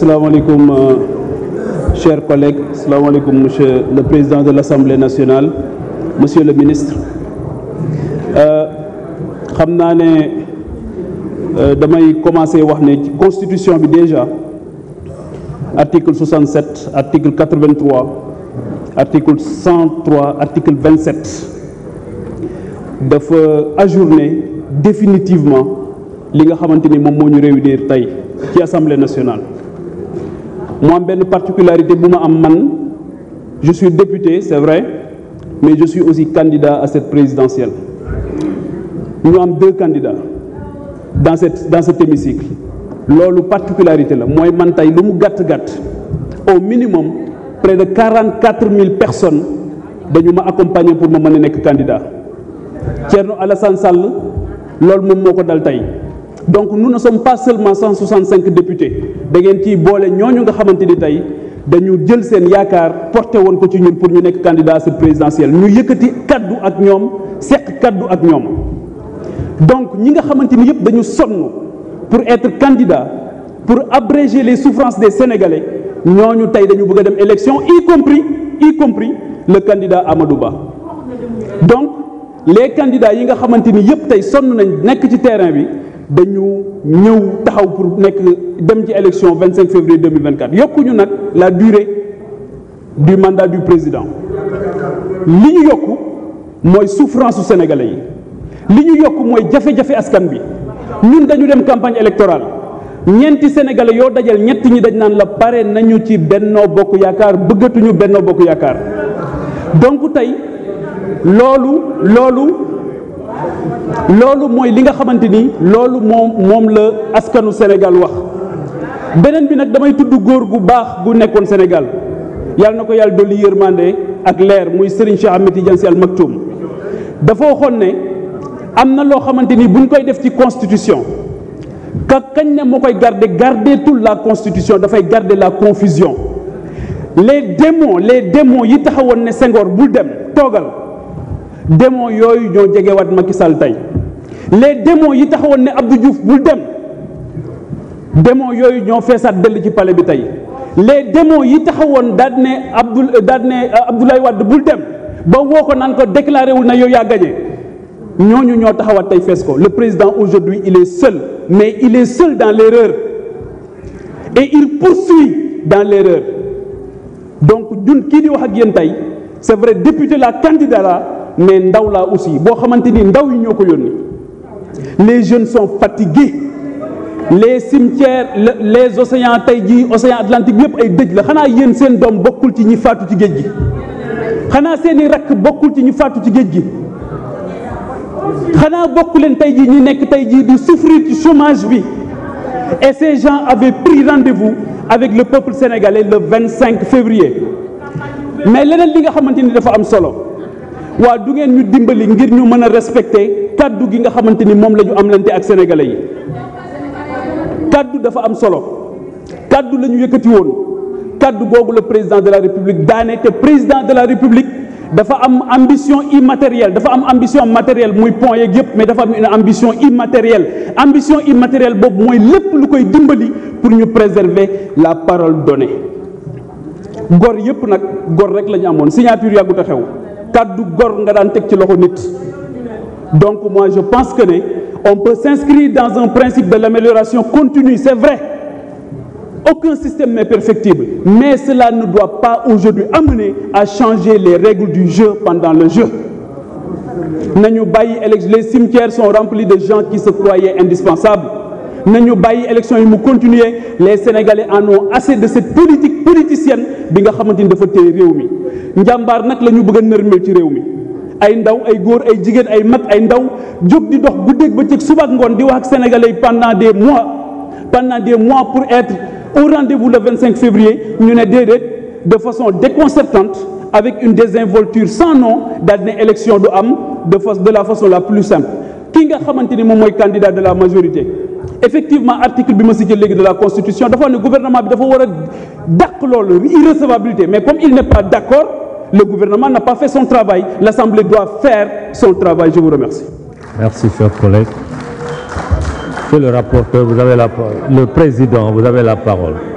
salaamaaleykum euh, chers collègues salaamaaleykum monsieur le président de l'Assemblée nationale monsieur le ministre euh, xam naa ne euh, damay commencer wax ne ci constitution bi déjà article 67 article 83 article 103 article 27 dafa ajourner définitivement li nga xamante ni moom moo ñu réunir tey ci assemblée nationale moo am benn particularité bu ma am man je suis député c'est vrai mais je suis aussi candidat à cette présidentielle ñu am deux candidats dans cette dans cet hémicycle loolu particularité la mooy man tey lu mu gàtt-gàtt au minimum près de quarante quatre mille personnes dañu ma accompagner pour ma mën a nekk candidat Thierno Alassane Sall loolu moom moo ko dal tey donc nous ne sommes pas seulement 165 députés da ngeen ciy boole ñu nga xamante ni tey dañu jël seen yaakaar porté woon ko ci ñun pour ñu nekk candidat sa présidentielle ñu yëkkati kaddu ak ñoom seq kaddu ak ñoom donc ñi nga xamante ni yëpp dañu sonn pour être candidat pour abréger les souffrances des sénégalais ñu tey dañu bëgg a dem élection y compris y compris le candidat Amadou Ba donc les candidats yi nga xamante ni yëpp tey sonn nañ nekk ci terrain bi dañu ñëw taxaw pour nekk dem ci élection 25 février 2024 yokkuñu nag la durée du mandat du président li ñu yokku mooy souffrance su sénégalais yi li ñu yokk mooy jafe-jafe askan bi ñun dañu dem campagne électorale ñeenti sénégalais yoo dajal ñett ñi dañ naan la pare nañu ci bennoo bokk yaakaar bëggatuñu bennoo bokk yaakaar donc tey loolu loolu. loolu mooy li nga xamante ni loolu moom moom la askanu Sénégal wax beneen bi nag damay tudd góor gu baax gu nekkoon Sénégal yàlla na ko yàlla dolli yërmande ak leer muy Serigne Cheikh Ahmed Tidiane Sy Al Maktoum dafa waxoon ne am na loo xamante ni buñ koy def ci constitution ka kañ ne moo koy garder garder la constitution dafay garder la confusion les démons les démons yi taxawoon ne sengoor bul dem toogal. démon yooyu ñoo jegewaat Macky Sall tey les démons yi taxawoon ne Abdou juuf bul dem démon yooyu ñoo feesaat dëll ci pale bi tey les démons yi taxawoon daal ne Abdoul daal euh, wadd bul dem ba woo ko naan ko déclaré na yow yaa gagné ñooñu ñoo taxawaat tey fees ko le président aujourd'hui il est seul mais il est seul dans l'erreur et il poursuit dans l'erreur donc jun kii di wax ak yéen tey c'est vrai député la candidat la mais ndaw laa aussi boo xamante ni ndaw yi ñoo ko yónni les jeunes sont fatigués les cimetières les océans tey jii océan Atlantique yëpp ay dëj la xanaa yéen seen doom bokkul ci ñi faatu ci géej gi xanaa seen i rakk bokkul ci ñi faatu ci géej gi xanaa bokk leen tey jii ñi nekk tey jii di souffrir ci chômage bi et ces gens avaient pris rendez-vous avec le peuple sénégalais le 25 février mais leneen li nga xamante ni dafa am solo. waa du ngeen ñu dimbali ngir ñu mën a respecté kàddu gi nga xamante ni moom la ñu amlante ak sénégalais yi kàddu dafa am solo kàddu lañu ñu yëkkati woon kàddu googu la président de la république daane te président de la république dafa am ambition immatérielle dafa am ambition matérielle muy point yeeg yëpp mais dafa am une ambition immatérielle ambition immatérielle boobu mooy lépp lu koy dimbali pour ñu préserver la parole donnée gor yëpp nag gor rek la ñu amoon signature yàggut a du gor nga daan teg ci loxo nit donc moi je pense que ne on peut s'inscrire dans un principe de l'amélioration continue c'est vrai aucun système n'est perfectible mais cela ne doit pas aujourd'hui amener à changer les règles du jeu pendant le jeu nañu bàyyi élection les cimetières sont remplis de gens qui se croyaient indispensables nañu bàyyi élection yi mu continuer les sénégalais en ont assez de cette politique politicienne bi nga xamante ni dafa téye réew mi njàmbaar nag la ñu bëgg a nërmeel ci réew mi ay ndaw ay góor ay jigéen ay mag ay ndaw jóg di dox guddeeg ba suba ak ngoon di wax ak sénégalais yi pendant des mois pendant des mois pour être au rendez-vous le 25 février ñu ne déedéet de façon déconcertante avec une désinvolture sans nom daal di ne élection du am de de la façon la plus simple ki nga xamante ni moom mooy candidat de la majorité effectivement article bi ma cité léegi de la constitution dafa ne gouvernement bi dafa war a dàq loolu irrecevabilité mais comme il n'est pas d'accord le gouvernement n'a pas fait son travail l'assemblée doit faire son travail je vous remercie merci cher collègue monsieur le rapporteur la parole le président vous avez la parole